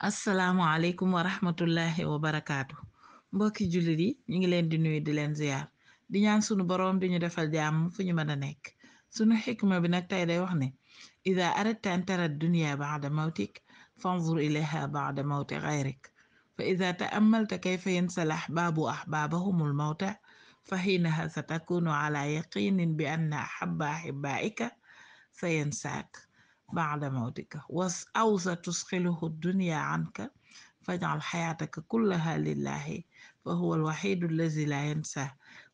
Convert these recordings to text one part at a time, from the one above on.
asalaamualeykum wa rahmatullahi wa barakaatu mbokki jullit yi ñu ngi leen di nuyu di leen ziyaar di ñaan sunu boroom di ñu defal jàmm fu ñu mën a nekk sunu xikma bi nag tey day wax ne ida aradta an tara dunya ba'da mawtik fanzur ilayha ba'da mawti ghayrik fa ida ta'ammalta kayfa yansalax baabu ahbaabahumul mawta fa xiinaha satakunu ala yaqinin bi anna axaba axibaika sa yansaak baada mawtika was awsa tusxiluhu dunia anka fajal xayaataka kullaha lillahi fa huwa alwaxidu allazi la yansa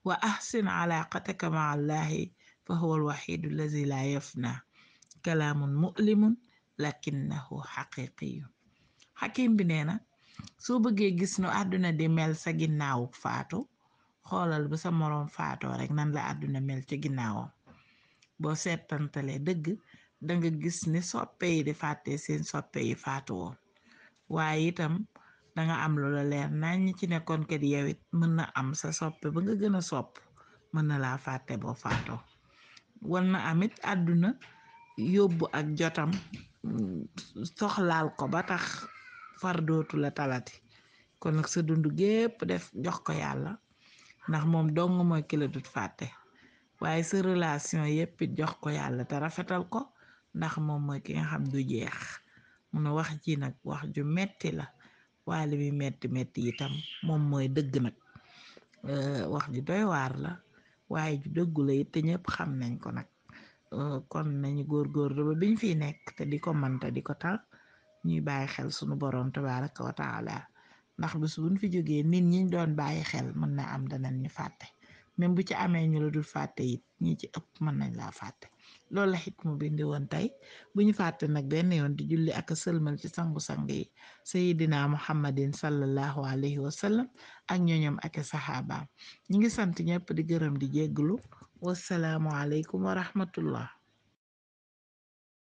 wa ahsin alaaqataka maa allahi fa huwa alwaxidu allazi la yafna kalaamun mulimun lakinnahu xaqiqiyun xakim bi nee na soo bëggee gis nu àdduna di mel sa ginnaaw faatu xoolal ba sa moroom faato rek nan la àdduna mel ci ginnaawam boo seetantalee dëgg danga gis ni soppe yi di fàtte seen soppe yi faatu woon waaye itam danga am loola leer nañ ñi ci nekkoon kat yow it mën na am sa soppe ba nga gën a sopp mën na laa fàtte bo faatoo war na amit àdduna yóbbu ak jotam soxlaal ko ba tax far dootu la talati kon nag sa dund gépp def jox ko yàlla ndax moom dong mooy ki waaye sa relation yépp jox ko yàlla te rafetal ko ndax moom mooy ki nga xam du jeex mu ne wax ji nag wax ju metti la waali bi metti metti itam moom mooy dëgg nag euh, wax ju doy waar la waaye ju dëggu la it te ñëpp xam nañ ko nag euh, kon nañu góor góor góorgóorlu ba biñ fi nekk te di ko mën te di ko tal ñuy bàyyi xel sunu borom tabaraka wa taala ndax bis buñ fi jógee nit ñiñ doon bàyyi xel mën na am danañ ñu fàtte même bu ci amee ñu la dul fàtte it ñi ci ëpp mën nañ laa fàtte loolu la xit mu bindi woon tey bu ñu fàtte nag benn yoon di julli ak sëlmal ci sangu-sang yi sayidina muhammadin sallallahu alayhi wa sallam ak ñooñom ak saxaabaam ñi ngi sant ñëpp di gërëm di jégglu wasalaamu aleykum wa rahmatullah